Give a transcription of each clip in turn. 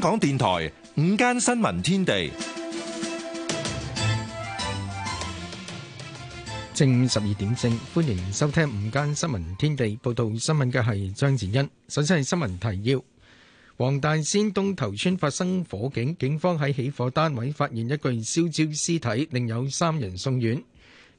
香港電台午間新聞天地，正午十二點正，歡迎收聽午間新聞天地。報道新聞嘅係張健欣，首先係新聞提要：黃大仙東頭村發生火警，警方喺起火單位發現一具燒焦屍體，另有三人送院。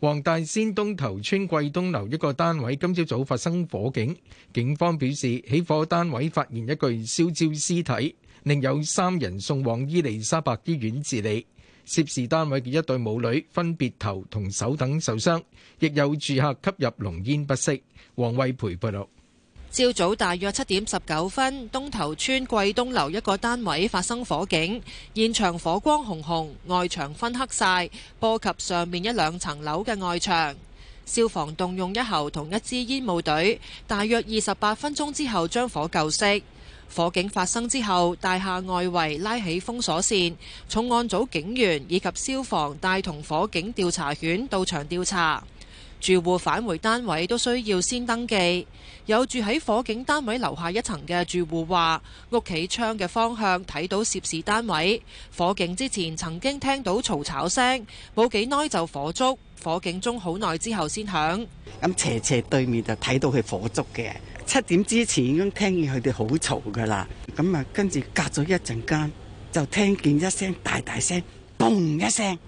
黃大仙東頭村貴東樓一個單位今朝早發生火警，警方表示起火單位發現一具燒焦屍體，另有三人送往伊利沙伯醫院治理。涉事單位嘅一對母女分別頭同手等受傷，亦有住客吸入濃煙不適。黃惠培報道。朝早大約七點十九分，東頭村貴東樓一個單位發生火警，現場火光紅紅，外牆燻黑晒，波及上面一兩層樓嘅外牆。消防動用一喉同一支煙霧隊，大約二十八分鐘之後將火救熄。火警發生之後，大廈外圍拉起封鎖線，重案組警員以及消防帶同火警調查犬到場調查。住戶返回單位都需要先登記。有住喺火警單位樓下一層嘅住戶話：屋企窗嘅方向睇到涉事單位。火警之前曾經聽到嘈吵聲，冇幾耐就火燭。火警鐘好耐之後先響。咁斜斜對面就睇到佢火燭嘅。七點之前已經聽見佢哋好嘈㗎喇。咁啊，跟住隔咗一陣間就聽見一聲大大聲，嘣一聲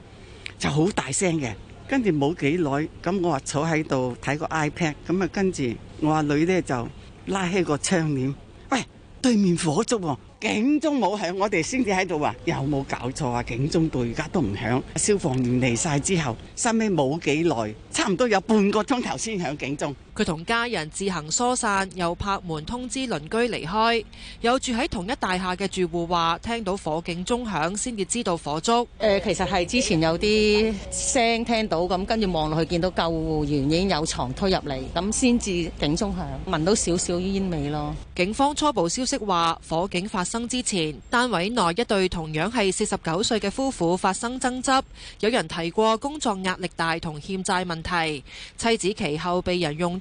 就好大聲嘅。跟住冇幾耐，咁我話坐喺度睇個 iPad，咁啊跟住我阿女咧就拉起個窗簾，喂，對面火燭喎。啊，警鐘冇響，我哋先至喺度話有冇搞錯啊？警鐘到而家都唔響，消防員嚟晒之後，收尾冇幾耐，差唔多有半個鐘頭先響警鐘。佢同家人自行疏散，又拍門通知鄰居離開。有住喺同一大廈嘅住戶話，聽到火警鐘響先至知道火燭。誒，其實係之前有啲聲聽到，咁跟住望落去見到救護員已經有床推入嚟，咁先至警鐘響，聞到少少煙味咯。警方初步消息話，火警發生之前，單位內一對同樣係四十九歲嘅夫婦發生爭執，有人提過工作壓力大同欠債問題。妻子其後被人用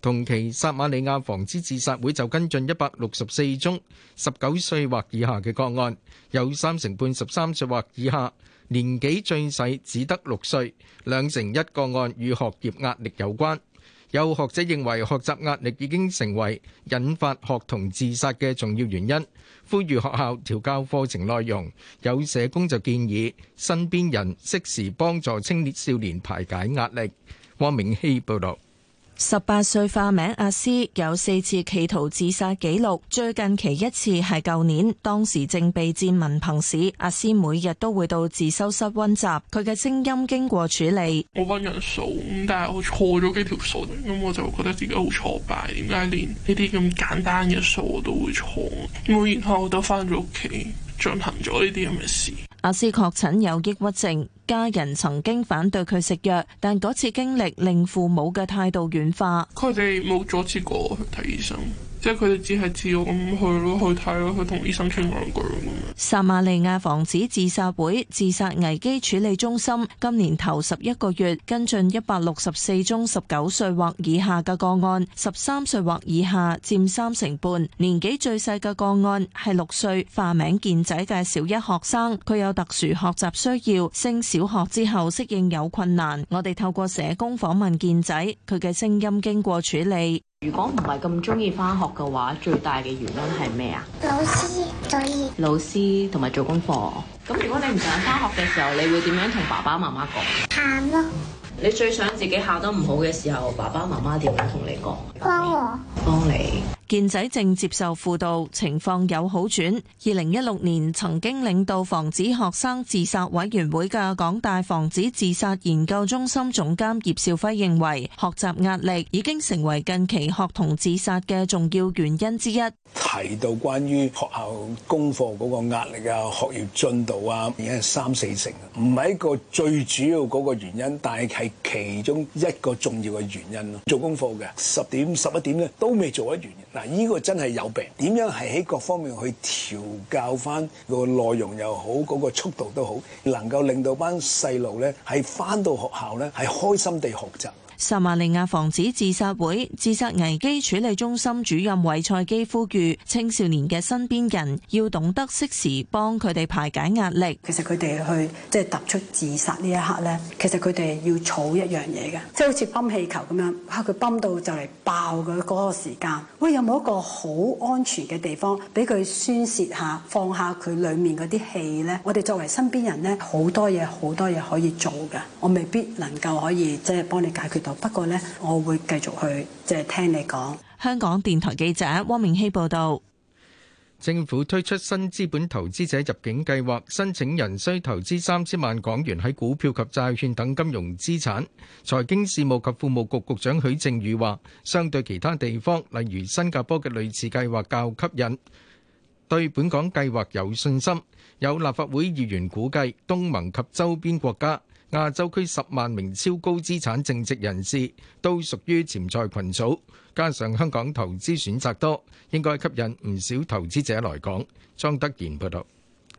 同期，撒瑪利亞防止自殺會就跟進一百六十四宗十九歲或以下嘅個案，有三成半十三歲或以下，年紀最細只得六歲，兩成一個案與學業壓力有關。有學者認為學習壓力已經成為引發學童自殺嘅重要原因，呼籲學校調教課程內容。有社工就建議身邊人適時幫助青少年排解壓力。汪明希報導。十八歲，化名阿詩有四次企圖自殺記錄，最近期一次係舊年，當時正備戰文憑試。阿詩每日都會到自修室温習，佢嘅聲音經過處理。我温人數，但係我錯咗幾條數，咁我就覺得自己好挫敗。點解連呢啲咁簡單嘅數我都會錯？咁我然後我都返咗屋企進行咗呢啲咁嘅事。阿思確診有抑鬱症，家人曾經反對佢食藥，但嗰次經歷令父母嘅態度軟化。佢哋冇阻止過我去睇醫生。即係佢哋只係自我咁去咯，去睇咯，去同醫生傾兩句咯。薩瑪利亞防止自殺會自殺危機處理中心今年頭十一個月跟進一百六十四宗十九歲或以下嘅個案，十三歲或以下佔三成半，年紀最細嘅個案係六歲化名健仔嘅小一學生，佢有特殊學習需要，升小學之後適應有困難。我哋透過社工訪問健仔，佢嘅聲音經過處理。如果唔係咁中意返學嘅話，最大嘅原因係咩啊？老師作業，老師同埋做功課。咁如果你唔想返學嘅時候，你會點樣同爸爸媽媽講？喊咯、啊！你最想自己考得唔好嘅時候，爸爸媽媽點樣同你講？幫我，幫你。健仔正接受輔導，情況有好轉。二零一六年曾經領導防止學生自殺委員會嘅港大防止自殺研究中心總監葉兆輝認為，學習壓力已經成為近期學童自殺嘅重要原因之一。提到關於學校功課嗰個壓力啊、學業進度啊，已經係三四成，唔係一個最主要嗰個原因，但係係其中一個重要嘅原因。做功課嘅十點十一點咧都未做完。嗱，呢個真係有病，點樣係喺各方面去調教翻個內容又好，嗰個速度都好，能夠令到班細路咧係翻到學校咧係開心地學習。薩馬利亞防止自殺會自殺危機處理中心主任韋賽基呼籲青少年嘅身邊人要懂得適時幫佢哋排解壓力，其。其實佢哋去即係突出自殺呢一刻咧，其實佢哋要儲一樣嘢嘅，即係好似泵氣球咁樣，吓佢泵到就嚟爆嘅嗰個時間。喂，有冇一個好安全嘅地方俾佢宣洩下、放下佢裏面嗰啲氣咧？我哋作為身邊人咧，好多嘢、好多嘢可以做噶。我未必能夠可以即係幫你解決。不過呢，我會繼續去即係聽你講。香港電台記者汪明熙報道，政府推出新資本投資者入境計劃，申請人需投資三千萬港元喺股票及債券等金融資產。財經事務及庫務局局長許正宇話，相對其他地方，例如新加坡嘅類似計劃較吸引，對本港計劃有信心。有立法會議員估計，東盟及周邊國家。亞洲區十萬名超高資產淨值人士都屬於潛在群組，加上香港投資選擇多，應該吸引唔少投資者來港。張德賢報導。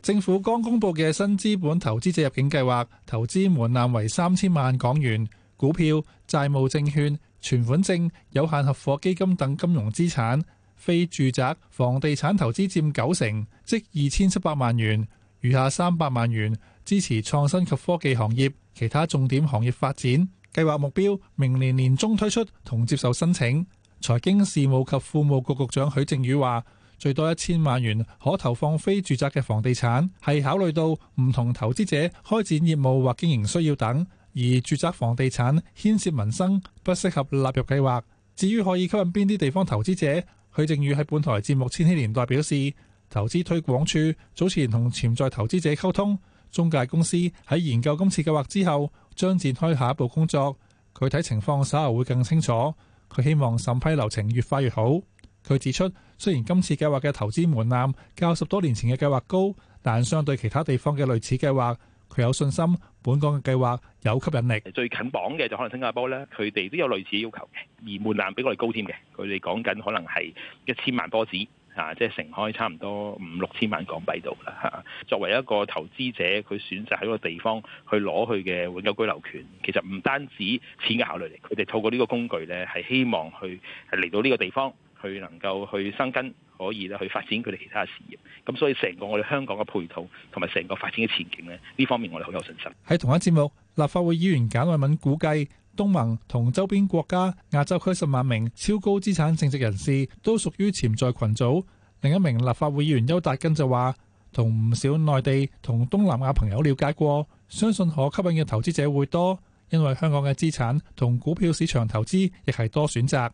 政府剛公佈嘅新資本投資者入境計劃，投資門檻為三千萬港元，股票、債務證券、存款證、有限合伙基金等金融資產，非住宅房地產投資佔九成，即二千七百萬元，餘下三百萬元。支持創新及科技行業，其他重點行業發展計劃目標明年年中推出，同接受申請。財經事務及庫務局局長許正宇話：最多一千萬元可投放非住宅嘅房地產，係考慮到唔同投資者開展業務或經營需要等，而住宅房地產牽涉民生，不適合納入計劃。至於可以吸引邊啲地方投資者，許正宇喺本台節目《千禧年代》表示，投資推廣處早前同潛在投資者溝通。中介公司喺研究今次計劃之後，將展開下一步工作。具體情況稍後會更清楚。佢希望審批流程越快越好。佢指出，雖然今次計劃嘅投資門檻較十多年前嘅計劃高，但相對其他地方嘅類似計劃，佢有信心本港嘅計劃有吸引力。最近榜嘅就可能新加坡咧，佢哋都有類似要求嘅，而門檻比我哋高添嘅。佢哋講緊可能係一千萬波子。啊！即係成開差唔多五六千萬港幣度啦嚇。作為一個投資者，佢選擇喺個地方去攞佢嘅永久居留權，其實唔單止錢嘅考慮嚟。佢哋透過呢個工具咧，係希望去係嚟到呢個地方，去能夠去生根，可以咧去發展佢哋其他嘅事業。咁所以成個我哋香港嘅配套同埋成個發展嘅前景咧，呢方面我哋好有信心。喺同一節目，立法會議員簡慧敏估計。東盟同周邊國家亞洲區十萬名超高資產淨值人士都屬於潛在群組。另一名立法會議員邱達根就話，同唔少內地同東南亞朋友了解過，相信可吸引嘅投資者會多，因為香港嘅資產同股票市場投資亦係多選擇。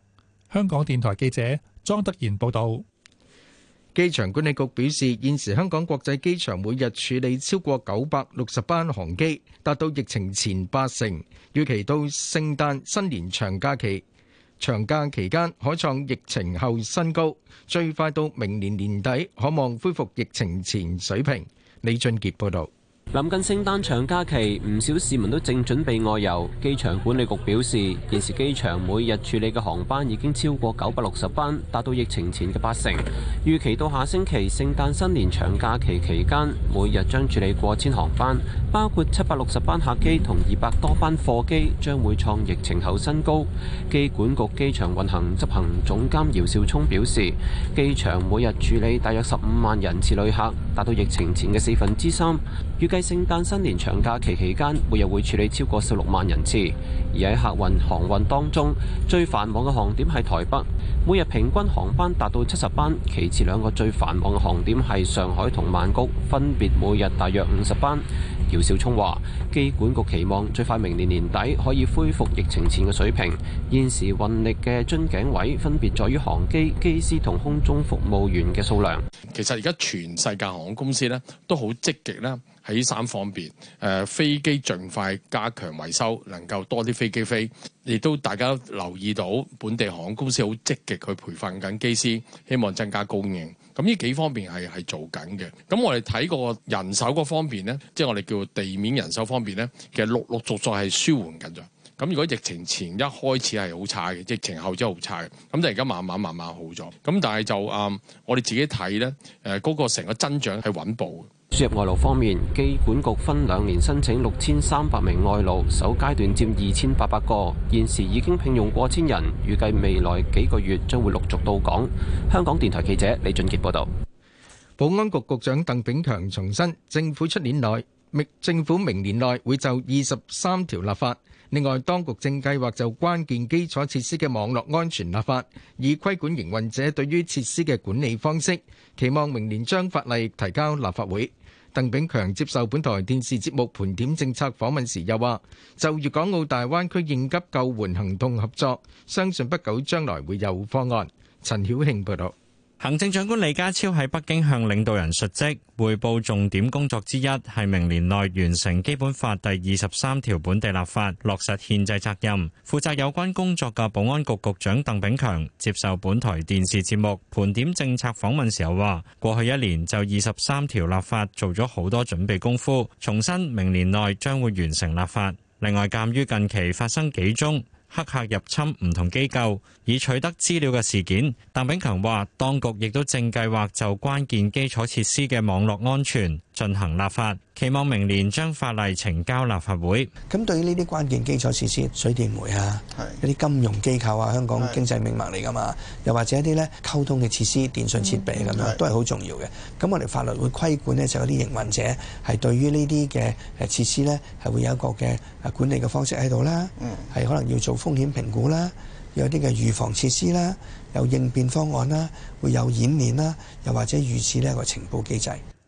香港電台記者莊德賢報道。機場管理局表示，現時香港國際機場每日處理超過九百六十班航機，達到疫情前八成。預期到聖誕新年長假期，長假期間可創疫情後新高，最快到明年年底，可望恢復疫情前水平。李俊傑報導。臨近聖誕長假期，唔少市民都正準備外遊。機場管理局表示，現時機場每日處理嘅航班已經超過九百六十班，達到疫情前嘅八成。預期到下星期聖誕新年長假期期間，每日將處理過千航班，包括七百六十班客機同二百多班貨機，將會創疫情後新高。機管局機場運行執行總監姚少聰表示，機場每日處理大約十五萬人次旅客，達到疫情前嘅四分之三。預計聖誕新年長假期期間，每日會處理超過十六萬人次。而喺客運航運當中，最繁忙嘅航點係台北，每日平均航班達到七十班。其次兩個最繁忙嘅航點係上海同曼谷，分別每日大約五十班。姚少聰話：機管局期望最快明年年底可以恢復疫情前嘅水平。現時運力嘅樽頸位分別在於航機、機師同空中服務員嘅數量。其實而家全世界航空公司呢，都好積極啦。喺三方面，誒、呃、飛機盡快加強維修，能夠多啲飛機飛，亦都大家留意到本地航空公司好積極去培訓緊機師，希望增加供應。咁呢幾方面係係做緊嘅。咁我哋睇過人手嗰方面咧，即係我哋叫地面人手方面咧，其實陸陸續續係舒緩緊咗。咁如果疫情前一開始係好差嘅，疫情後之後好差嘅，咁但係而家慢慢慢慢好咗。咁但係就誒，我哋自己睇咧，誒、那、嗰個成個增長係穩步嘅。輸入外勞方面，機管局分兩年申請六千三百名外勞，首階段佔二千八百個，現時已經聘用過千人，預計未來幾個月將會陸續到港。香港電台記者李俊傑報道。保安局局長鄧炳強重申，政府出年內，政府明年內會就二十三條立法。另外，當局正計劃就關鍵基礎設施嘅網絡安全立法，以規管營運者對於設施嘅管理方式，期望明年將法例提交立法會。鄧炳強接受本台電視節目盤點政策訪問時又話，就粵港澳大灣區應急救援行動合作，相信不久將來會有方案。陳曉慶報道。行政長官李家超喺北京向領導人述職，匯報重點工作之一係明年內完成《基本法》第二十三條本地立法，落實憲制責任。負責有關工作嘅保安局局長鄧炳強接受本台電視節目《盤點政策》訪問時候話：「過去一年就二十三條立法做咗好多準備功夫，重申明年內將會完成立法。」另外，鑒於近期發生幾宗黑客入侵唔同機構，以取得資料嘅事件，鄧炳強話，當局亦都正計劃就關鍵基礎設施嘅網絡安全，進行立法，期望明年將法例呈交立法會。咁對於呢啲關鍵基礎設施，水電煤啊，一啲金融機構啊，香港經濟命脈嚟㗎嘛，又或者一啲咧溝通嘅設施、電訊設備咁樣，都係好重要嘅。咁我哋法律會規管咧，就係啲營運者係對於呢啲嘅誒設施咧，係會有一個嘅誒管理嘅方式喺度啦。嗯，係可能要做風險評估啦，有啲嘅預防設施啦，有應變方案啦，會有演練啦，又或者預設呢個情報機制。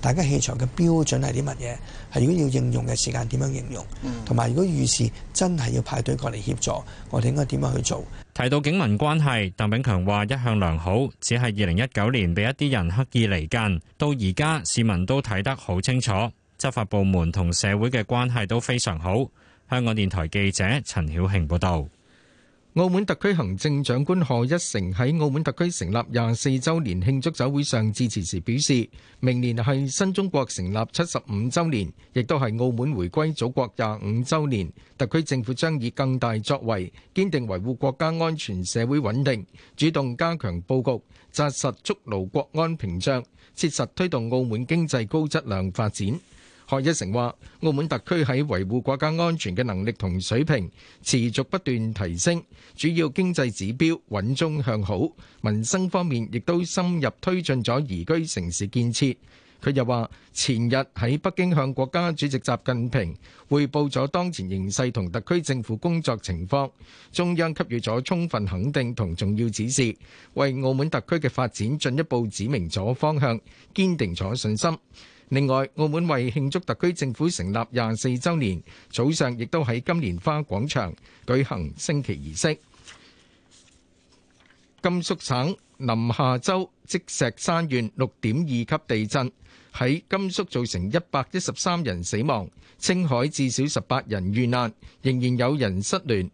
大家器材嘅標準係啲乜嘢？係如果要應用嘅時間點樣應用？同埋如果遇事真係要派隊過嚟協助，我哋應該點樣去做？提到警民關係，鄧炳強話一向良好，只係二零一九年被一啲人刻意離間，到而家市民都睇得好清楚，執法部門同社會嘅關係都非常好。香港電台記者陳曉慶報道。澳門特區行政長官賀一誠喺澳門特區成立廿四周年慶祝酒會上致辭時表示，明年係新中國成立七十五周年，亦都係澳門回歸祖國廿五周年。特區政府將以更大作為，堅定維護國家安全、社會穩定，主動加強布局，紮實築牢國安屏障，切實推動澳門經濟高質量發展。賀一誠話：澳門特區喺維護國家安全嘅能力同水平持續不斷提升，主要經濟指標穩中向好，民生方面亦都深入推進咗宜居城市建設。佢又話：前日喺北京向國家主席習近平匯報咗當前形勢同特區政府工作情況，中央給予咗充分肯定同重要指示，為澳門特區嘅發展進一步指明咗方向，堅定咗信心。另外，澳門為慶祝特區政府成立廿四週年，早上亦都喺金蓮花廣場舉行升旗儀式。甘肅省臨夏州積石山縣六點二級地震，喺甘肅造成一百一十三人死亡，青海至少十八人遇難，仍然有人失聯。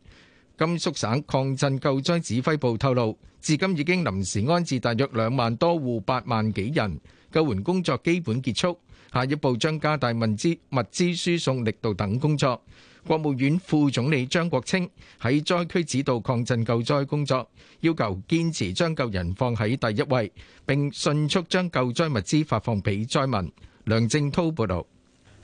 甘肅省抗震救災指揮部透露，至今已經臨時安置大約兩萬多戶、八萬幾人，救援工作基本結束。下一步將加大民資物資輸送力度等工作。國務院副總理張國清喺災區指導抗震救災工作，要求堅持將救人放喺第一位，並迅速將救災物資發放俾災民。梁正濤報導。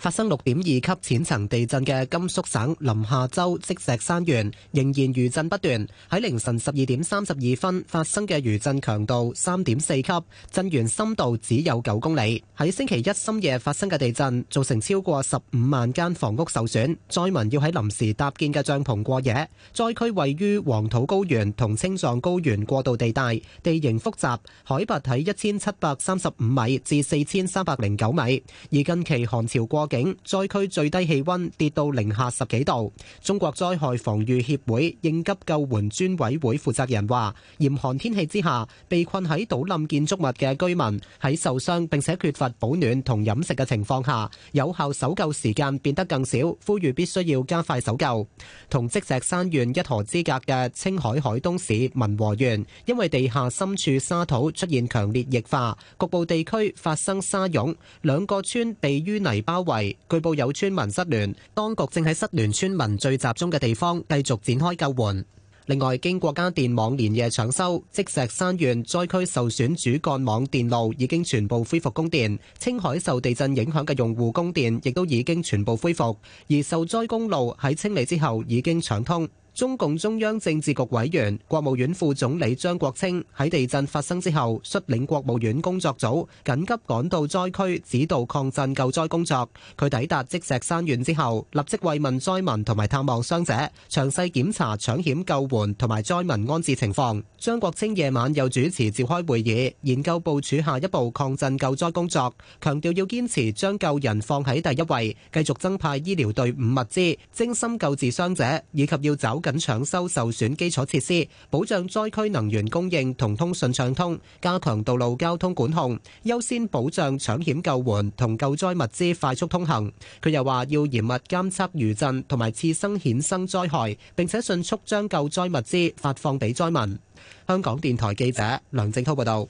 發生六點二級淺層地震嘅甘肅省臨夏州積石山縣，仍然餘震不斷。喺凌晨十二點三十二分發生嘅餘震強度三點四級，震源深度只有九公里。喺星期一深夜發生嘅地震，造成超過十五萬間房屋受損，災民要喺臨時搭建嘅帳篷過夜。災區位於黃土高原同青藏高原過渡地帶，地形複雜，海拔喺一千七百三十五米至四千三百零九米。而近期寒潮過境災區最低氣温跌到零下十幾度。中國災害防御協會應急救援專委會負責人話。嚴寒天氣之下,被困喺倒冧建築物嘅居民,喺受傷並且缺乏保暖同飲食嘅情況下，有效搜救時間變得更少,呼籲必須要加快搜救。同積石山縣一河之隔嘅青海海東市民和縣,因為地下深處沙土出現強烈液化,局部地區發生沙湧,兩個村被淤泥包圍據報有村民失聯，當局正喺失聯村民聚集中嘅地方繼續展開救援。另外，經國家電網連夜搶修，積石山縣災區受損主幹網電路已經全部恢復供電。青海受地震影響嘅用戶供電亦都已經全部恢復，而受災公路喺清理之後已經搶通。中共中央政治局委員、國務院副總理張國清喺地震發生之後，率領國務院工作組緊急趕到災區，指導抗震救災工作。佢抵達積石山縣之後，立即慰問災民同埋探望傷者，詳細檢查搶險救援同埋災民安置情況。張國清夜晚又主持召開會議，研究部署下一步抗震救災工作，強調要堅持將救人放喺第一位，繼續增派醫療隊伍、物資，精心救治傷者，以及要走緊搶修受損基礎設施，保障災區能源供應同通訊暢通，加強道路交通管控，優先保障搶險救援同救災物資快速通行。佢又話要嚴密監測餘震同埋次生衍生災害，並且迅速將救災物資發放俾災民。香港電台記者梁正濤報道，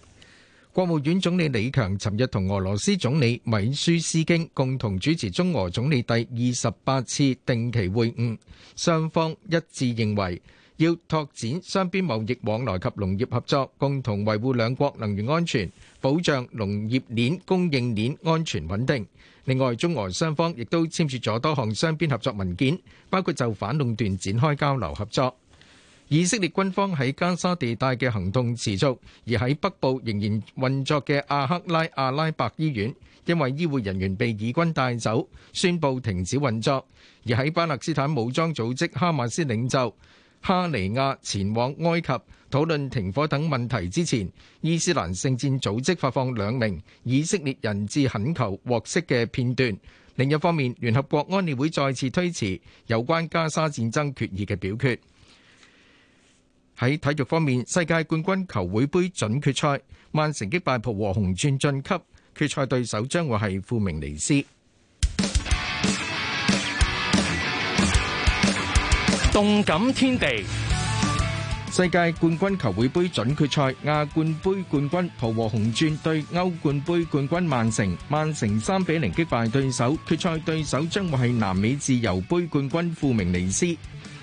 國務院總理李強尋日同俄羅斯總理米舒斯京共同主持中俄總理第二十八次定期會晤，雙方一致認為要拓展雙邊貿易往來及農業合作，共同維護兩國能源安全，保障農業鏈供應鏈安全穩定。另外，中俄雙方亦都簽署咗多項雙邊合作文件，包括就反壟斷展開交流合作。以色列軍方喺加沙地帶嘅行動持續，而喺北部仍然運作嘅阿克拉阿拉伯醫院，因為醫護人員被以軍帶走，宣布停止運作。而喺巴勒斯坦武裝組織哈馬斯領袖哈尼亞前往埃及討論停火等問題之前，伊斯蘭聖戰組織發放兩名以色列人質懇求獲釋嘅片段。另一方面，聯合國安理會再次推遲有關加沙戰爭決議嘅表決。喺體育方面，世界冠軍球會盃準決賽，曼城擊敗浦和紅鑽晉級，決賽對手將會係富明尼斯。動感天地，世界冠軍球會盃準決賽，亞冠盃冠軍浦和紅鑽對歐冠盃冠軍曼城，曼城三比零擊敗對手，決賽對手將會係南美自由盃冠軍富明尼斯。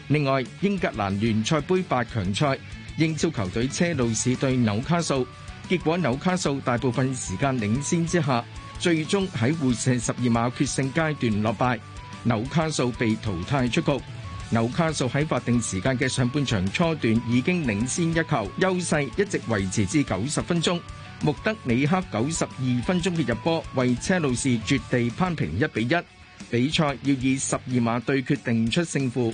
另外，英格蘭聯賽杯八強賽，英超球隊車路士對紐卡素，結果紐卡素大部分時間領先之下，最終喺互射十二碼決勝階段落敗，紐卡素被淘汰出局。紐卡素喺法定時間嘅上半場初段已經領先一球，優勢一直維持至九十分鐘。穆德里克九十二分鐘嘅入波，為車路士絕地扳平一比一。比賽要以十二碼對決定出勝負。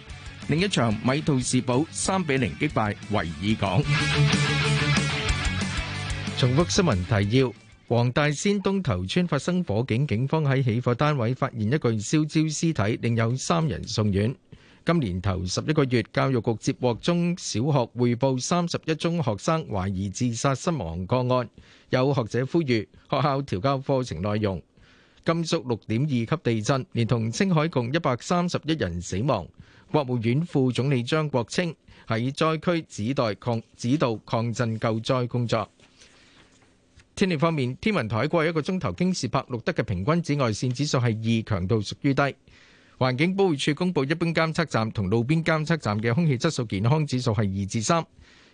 另一場米杜士堡三比零擊敗維爾港。重複新聞提要：黃大仙東頭村發生火警，警方喺起火單位發現一具燒焦屍體，另有三人送院。今年頭十一個月，教育局接獲中小學匯報三十一宗學生懷疑自殺身亡個案，有學者呼籲學校調校課程內容。甘肅六點二級地震，連同青海共一百三十一人死亡。國務院副總理張國清喺災區指導抗指導抗震救災工作。天氣方面，天文台過去一個鐘頭京士柏錄得嘅平均紫外線指數係二，強度屬於低。環境保護署公布，一般監測站同路邊監測站嘅空氣質素健康指數係二至三，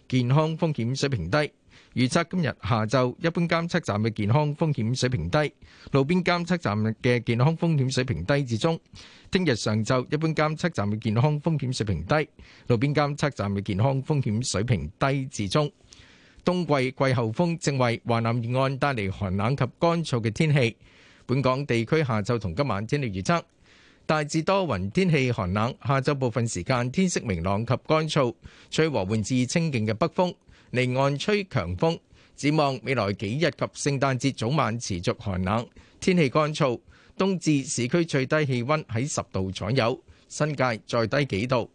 健康風險水平低。預測今日下晝一般監測站嘅健康風險水平低，路邊監測站嘅健康風險水平低至中。聽日上晝一般監測站嘅健康風險水平低，路邊監測站嘅健康風險水平低至中。冬季季候風正為華南沿岸帶嚟寒冷及乾燥嘅天氣。本港地區下晝同今晚天氣預測大致多雲，天氣寒冷。下晝部分時間天色明朗及乾燥，吹和緩至清勁嘅北風。離岸吹強風，展望未來幾日及聖誕節早晚持續寒冷，天氣乾燥。冬至市區最低氣温喺十度左右，新界再低幾度。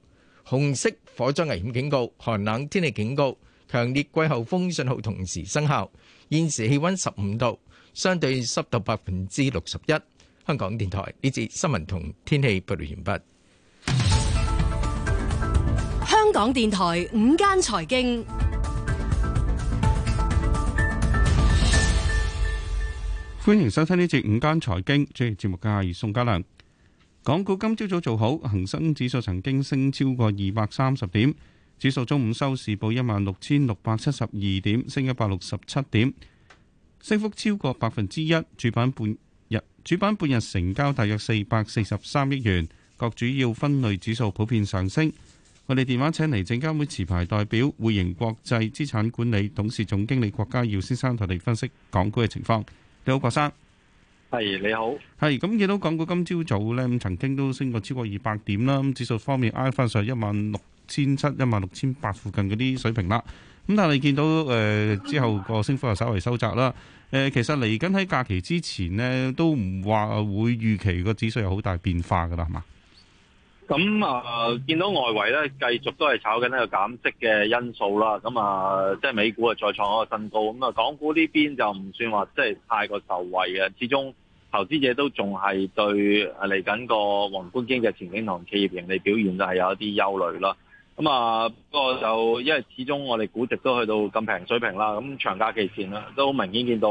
紅色火災危險警告、寒冷天氣警告、強烈季候風信號同時生效。現時氣温十五度，相對濕度百分之六十一。香港電台呢節新聞同天氣報道完畢。香港電台午間財經。歡迎收聽呢節午間財經專業節目嘅亞宋家良。港股今朝早，早做好，恆生指數曾經升超過二百三十點，指數中午收市報一萬六千六百七十二點，升一百六十七點，升幅超過百分之一。主板半日主板半日成交大約四百四十三億元，各主要分類指數普遍上升。我哋電話請嚟證監會持牌代表匯盈國際資產管理董事總經理郭家耀先生，同你分析港股嘅情況。你好，郭生，係你好，係咁亦都講到港股今朝早咧，咁曾經都升過超過二百點啦。咁指數方面，IF 翻上一萬六千七、一萬六千八附近嗰啲水平啦。咁但係你見到誒、呃、之後個升幅又稍微收窄啦。誒、呃，其實嚟緊喺假期之前呢，都唔話會預期個指數有好大變化噶啦，係嘛？咁、嗯、啊，見到外圍咧，繼續都係炒緊呢個減息嘅因素啦。咁、嗯、啊，即係美股啊，再創一個新高。咁、嗯、啊，港股呢邊就唔算話即係太過受惠嘅，始終投資者都仲係對嚟緊個宏觀經濟前景同企業盈利表現都係有一啲憂慮啦。咁、嗯、啊，不過就因為始終我哋估值都去到咁平水平啦，咁、嗯、長假期前啦，都明顯見到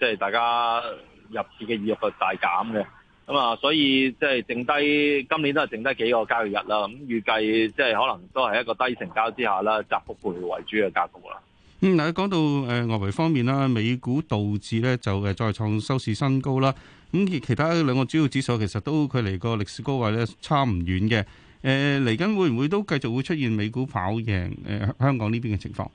即係大家入市嘅意欲就大減嘅。咁啊，所以即係剩低今年都係剩低幾個交易日啦。咁預計即係可能都係一個低成交之下啦，窄幅盤嚟，為主嘅格局啦。嗯，嗱，講到誒外圍方面啦，美股導致咧就誒再創收市新高啦。咁而其他兩個主要指數其實都距離個歷史高位咧差唔遠嘅。誒，嚟緊會唔會都繼續會出現美股跑贏誒香港呢邊嘅情況？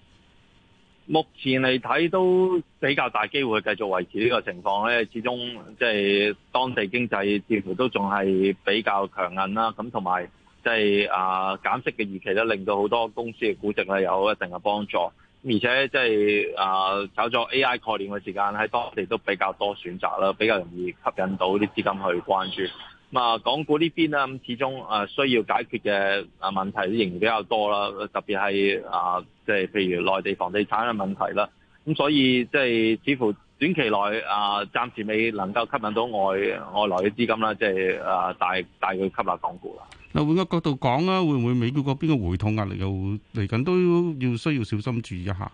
目前嚟睇都比較大機會繼續維持呢個情況咧，始終即係當地經濟似乎都仲係比較強硬啦。咁同埋即係啊減息嘅預期咧，令到好多公司嘅估值咧有一定嘅幫助。而且即係啊炒作 AI 概念嘅時間喺當地都比較多選擇啦，比較容易吸引到啲資金去關注。啊，港股呢邊啦，咁始終啊需要解決嘅啊問題仍然比較多啦，特別係啊，即、呃、係譬如內地房地產嘅問題啦。咁、呃、所以即係似乎短期內啊，暫、呃、時未能夠吸引到外外來嘅資金啦，即係啊，大大量吸納港股啦。嗱，換個角度講啦，會唔會美國嗰邊嘅回吐壓力又嚟緊都要，要需要小心注意一下？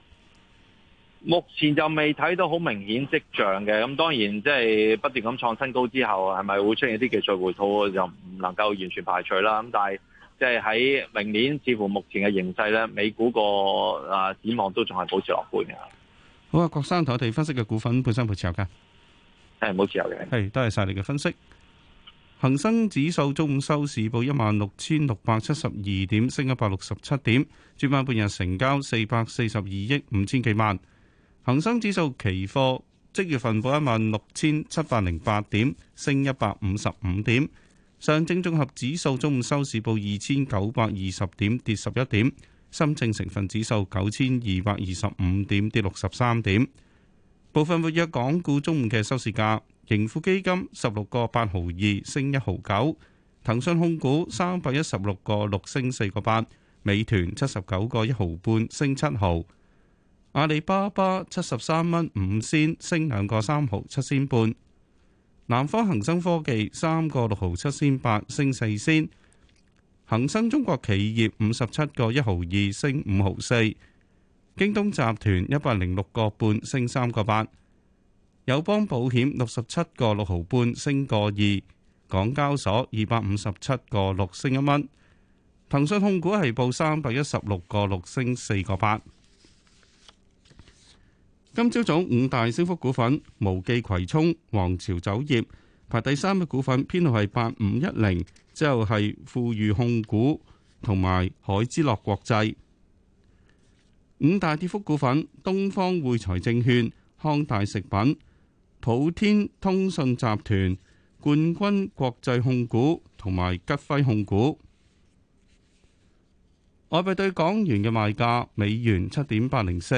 目前就未睇到好明顯跡象嘅，咁當然即係不斷咁創新高之後，係咪會出現啲技術回吐，就唔能夠完全排除啦。咁但係即係喺明年至乎目前嘅形勢呢，美股個啊展望都仲係保持樂觀嘅。好啊，郭生，我哋分析嘅股份本身冇持有嘅，係冇持有嘅。係，多謝晒你嘅分析。恒生指數中午收市報一萬六千六百七十二點，升一百六十七點。主板半日成交四百四十二億五千幾萬。恒生指數期貨即月份報一萬六千七百零八點，升一百五十五點。上證綜合指數中午收市報二千九百二十點，跌十一點。深證成分指數九千二百二十五點，跌六十三點。部分活躍港股中午嘅收市價：盈富基金十六個八毫二，升一毫九；騰訊控股三百一十六個六，升四個八；美團七十九個一毫半，升七毫。阿里巴巴七十三蚊五仙，升兩個三毫七仙半；南方恒生科技三個六毫七仙八，升四仙；恒生中國企業五十七個一毫二，升五毫四；京東集團一百零六個半，升三個八；友邦保險六十七個六毫半，升個二；港交所二百五十七個六，升一蚊；騰訊控股係報三百一十六個六，升四個八。今朝早，早五大升幅股份：毛記葵涌、王朝酒業排第三嘅股份編號係八五一零，之後係富裕控股同埋海之樂國際。五大跌幅股份：東方匯財證券、康大食品、普天通訊集團、冠軍國際控股同埋吉輝控股。外幣對港元嘅賣價，美元七點八零四。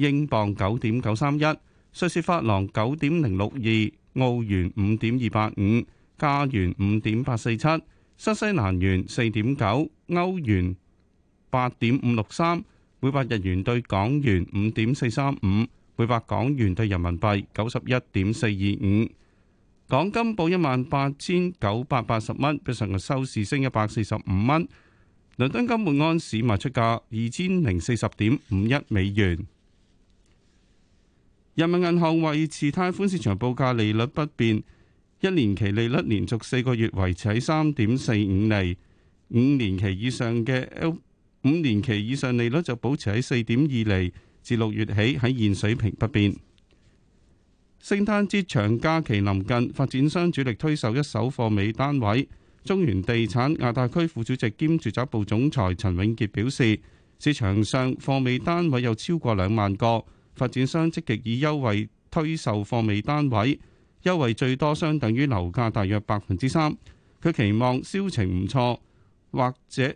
英鎊九點九三一，瑞士法郎九點零六二，澳元五點二八五，加元五點八四七，新西蘭元四點九，歐元八點五六三，每百日元對港元五點四三五，每百港元對人民幣九十一點四二五。港金報一萬八千九百八十蚊，比上日收市升一百四十五蚊。倫敦金每安士賣出價二千零四十點五一美元。人民銀行維持貸款市場報價利率不變，一年期利率連續四個月維持喺三點四五厘，五年期以上嘅五五年期以上利率就保持喺四點二厘，自六月起喺現水平不變。聖誕節長假期臨近，發展商主力推售一手貨尾單位。中原地產亞太區副主席兼住宅部總裁陳永傑表示，市場上貨尾單位有超過兩萬個。發展商積極以優惠推售貨尾單位，優惠最多相等於樓價大約百分之三。佢期望銷情唔錯，或者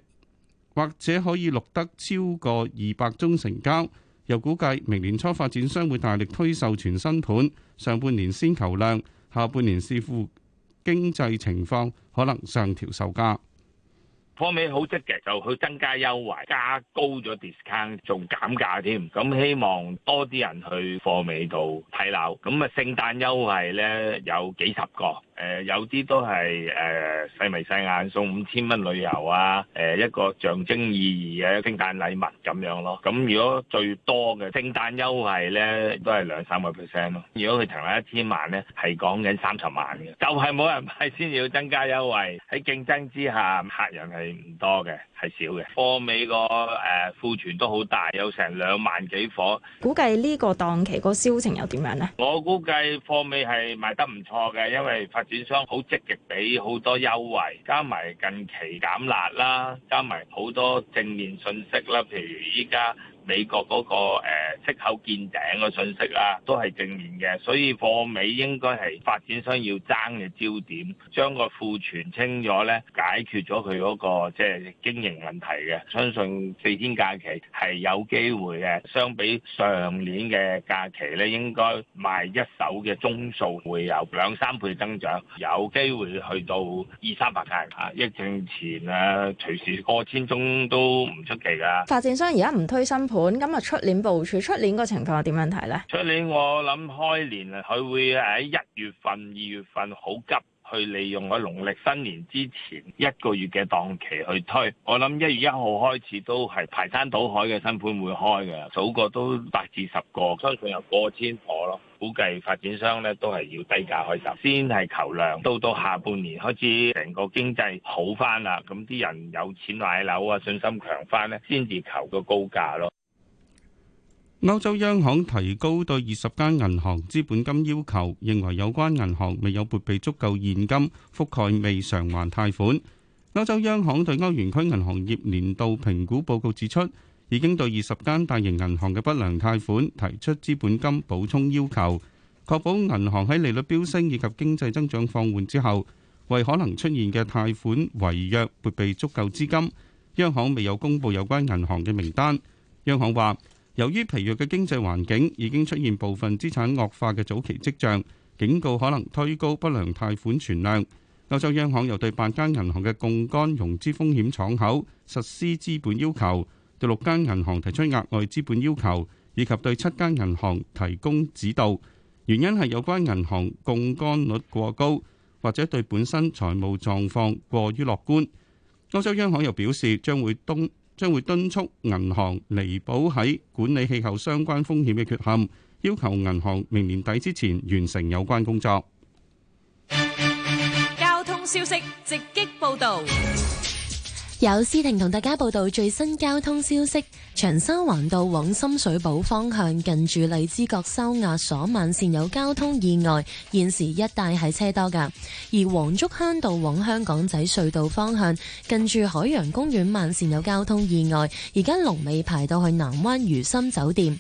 或者可以錄得超過二百宗成交。又估計明年初發展商會大力推售全新盤，上半年先求量，下半年視乎經濟情況可能上調售價。貨尾好積極，就去增加優惠，加高咗 discount，仲減價添，咁希望多啲人去貨尾度睇樓。咁啊，聖誕優惠咧有幾十個。誒、呃，有啲都係誒，細眉細眼，送五千蚊旅遊啊！誒、呃，一個象徵意義嘅聖誕禮物咁樣咯。咁、呃、如果最多嘅聖誕優惠咧，都係兩三個 percent 咯。如果佢停咗一千萬咧，係講緊三十萬嘅，就係、是、冇人買先要增加優惠。喺競爭之下，客人係唔多嘅，係少嘅。貨尾個誒庫存都好大，有成兩萬幾貨。估計呢個檔期個銷情又點樣咧？我估計貨尾係賣得唔錯嘅，因為展商好積極，俾好多優惠，加埋近期減辣啦，加埋好多正面信息啦，譬如依家。美國嗰個息口見頂嘅信息啦、啊，都係正面嘅，所以貨尾應該係發展商要爭嘅焦點，將個庫存清咗咧，解決咗佢嗰個即係經營問題嘅。相信四天假期係有機會嘅，相比上年嘅假期咧，應該賣一手嘅宗數會有兩三倍增長，有機會去到二三百間啊！疫情前啊，隨時過千宗都唔出奇㗎。發展商而家唔推新。盤咁啊！出年部署出年個情況係點樣睇呢？出年我諗開年佢會喺一月份、二月份好急去利用喺農曆新年之前一個月嘅檔期去推。我諗一月一號開始都係排山倒海嘅新盤會開嘅，早個都八至十個，相信有過千夥咯。估計發展商咧都係要低價開售，先係求量。到到下半年開始，成個經濟好翻啦，咁啲人有錢買樓啊，信心強翻咧，先至求個高價咯。歐洲央行提高對二十間銀行資本金要求，認為有關銀行未有撥備足夠現金，覆蓋未償還貸款。歐洲央行對歐元區銀行業年度評估報告指出，已經對二十間大型銀行嘅不良貸款提出資本金補充要求，確保銀行喺利率飆升以及經濟增長放緩之後，為可能出現嘅貸款違約撥備足夠資金。央行未有公布有關銀行嘅名單。央行話：由於疲弱嘅經濟環境已經出現部分資產惡化嘅早期跡象，警告可能推高不良貸款存量。歐洲央行又對八間銀行嘅槓桿融資風險敞口實施資本要求，對六間銀行提出額外資本要求，以及對七間銀行提供指導。原因係有關銀行槓桿率過高，或者對本身財務狀況過於樂觀。歐洲央行又表示將會東。將會敦促銀行彌補喺管理氣候相關風險嘅缺陷，要求銀行明年底之前完成有關工作。交通消息直擊報道。有思婷同大家報道最新交通消息。長沙環道往深水埗方向，近住荔枝角收押所慢線有交通意外，現時一帶係車多噶。而黃竹坑道往香港仔隧道方向，近住海洋公園慢線有交通意外，而家龍尾排到去南灣如心酒店。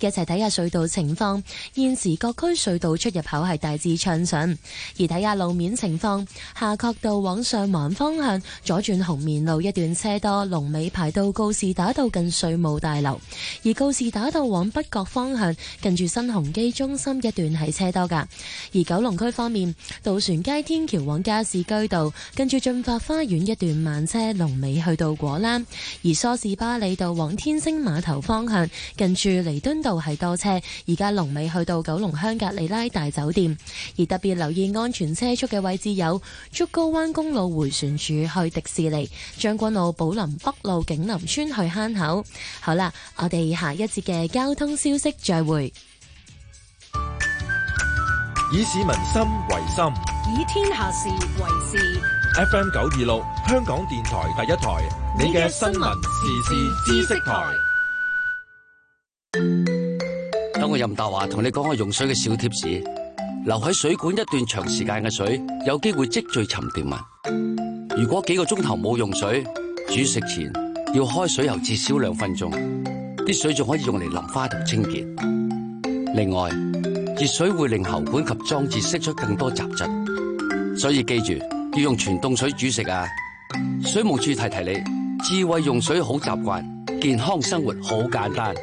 一齊睇下隧道情況，現時各區隧道出入口係大致暢順。而睇下路面情況，夏慤道往上環方向左轉紅棉路，一段車多，龍尾排到告士打道近稅務大樓，而告士打道往北角方向，近住新鴻基中心一段係車多噶。而九龍區方面，渡船街天橋往加士居道，跟住駿發花園一段慢車，龍尾去到果欄。而梳士巴利道往天星碼頭方向，近住彌敦道係多車，而家龍尾去到九龍香格里拉大酒店。而特別留意安全車速嘅位置有：竹篙灣公路回旋處去迪士尼。將軍澳、寶林北路、景林村去坑口。好啦，我哋下一節嘅交通消息再會。以市民心為心，以天下事為事。F M 九二六，香港電台第一台，你嘅新聞時事知識台。等我任達華同你講下用水嘅小貼士。留喺水管一段長時間嘅水，有機會積聚沉澱物。如果幾個鐘頭冇用水，煮食前，要開水喉至少兩分鐘，啲水仲可以用嚟淋花同清潔。另外，熱水會令喉管及裝置釋出更多雜質，所以記住要用全凍水煮食啊！水務署提提你，智慧用水好習慣，健康生活好簡單。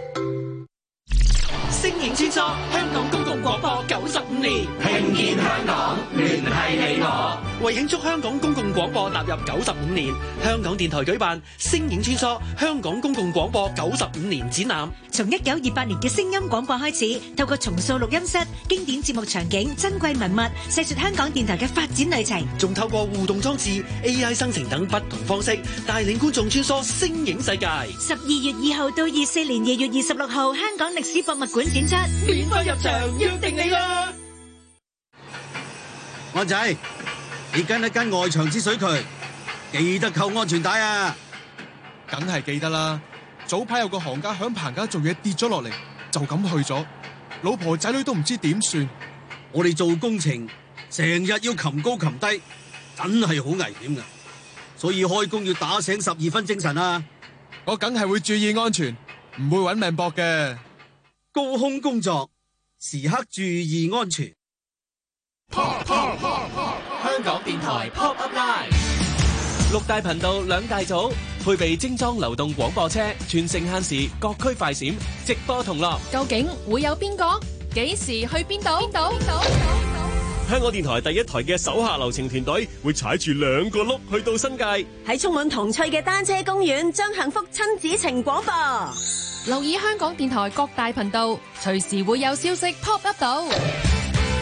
星影穿梭香港公共廣播九十五年，聽見香港，聯繫你我。為慶祝香港公共廣播踏入九十五年，香港電台舉辦《聲影穿梭香港公共廣播九十五年展覽》，從一九二八年嘅聲音廣播開始，透過重塑錄音室、經典節目場景、珍貴文物，細說香港電台嘅發展旅程，仲透過互動裝置、AI 生成等不同方式，帶領觀眾穿梭聲影世界。十二月二號到二四年二月二十六號，香港歷史博物館展出，免費入場，約定你啦，安仔。你跟一跟外牆之水渠，記得扣安全帶啊！梗係記得啦。早排有個行家響棚架做嘢跌咗落嚟，就咁去咗，老婆仔女都唔知點算。我哋做工程成日要擒高擒低，真係好危險噶。所以開工要打醒十二分精神啊！我梗係會注意安全，唔會揾命搏嘅。高空工作時刻注意安全。香港電台 Pop Up Live，六大頻道兩大組，配備精裝流動廣播車，全城限時，各區快閃，直播同樂。究竟會有邊個？幾時去邊度？邊度？邊度？香港電台第一台嘅手下留情團隊，會踩住兩個轆去到新界。喺充滿童趣嘅單車公園，將幸福親子情廣播。留意香港電台各大頻道，隨時會有消息 Pop Up 到。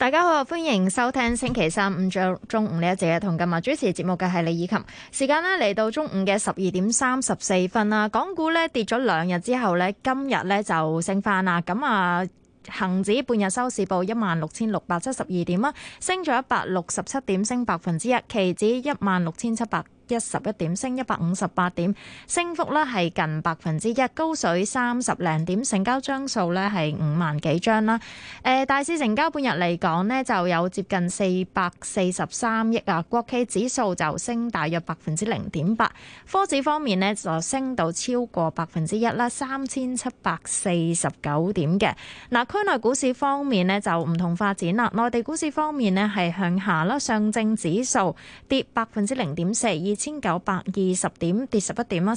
大家好，歡迎收聽星期三午晝中午呢一節嘅，同今日主持節目嘅係李以琴。時間呢嚟到中午嘅十二點三十四分啦，港股呢跌咗兩日之後呢今日呢就升返啦。咁啊，恆指半日收市報一萬六千六百七十二點啊，升咗一百六十七點，升百分之一。1, 期指一萬六千七百。一十一點，升一百五十八點，升幅呢係近百分之一，高水三十零點，成交張數呢係五萬幾張啦。誒、呃，大市成交半日嚟講呢，就有接近四百四十三億啊。國企指數就升大約百分之零點八，科指方面呢就升到超過百分之一啦，三千七百四十九點嘅。嗱，區內股市方面呢就唔同發展啦。內地股市方面呢係向下啦，上證指數跌百分之零點四千九百二十點，跌十一點啊。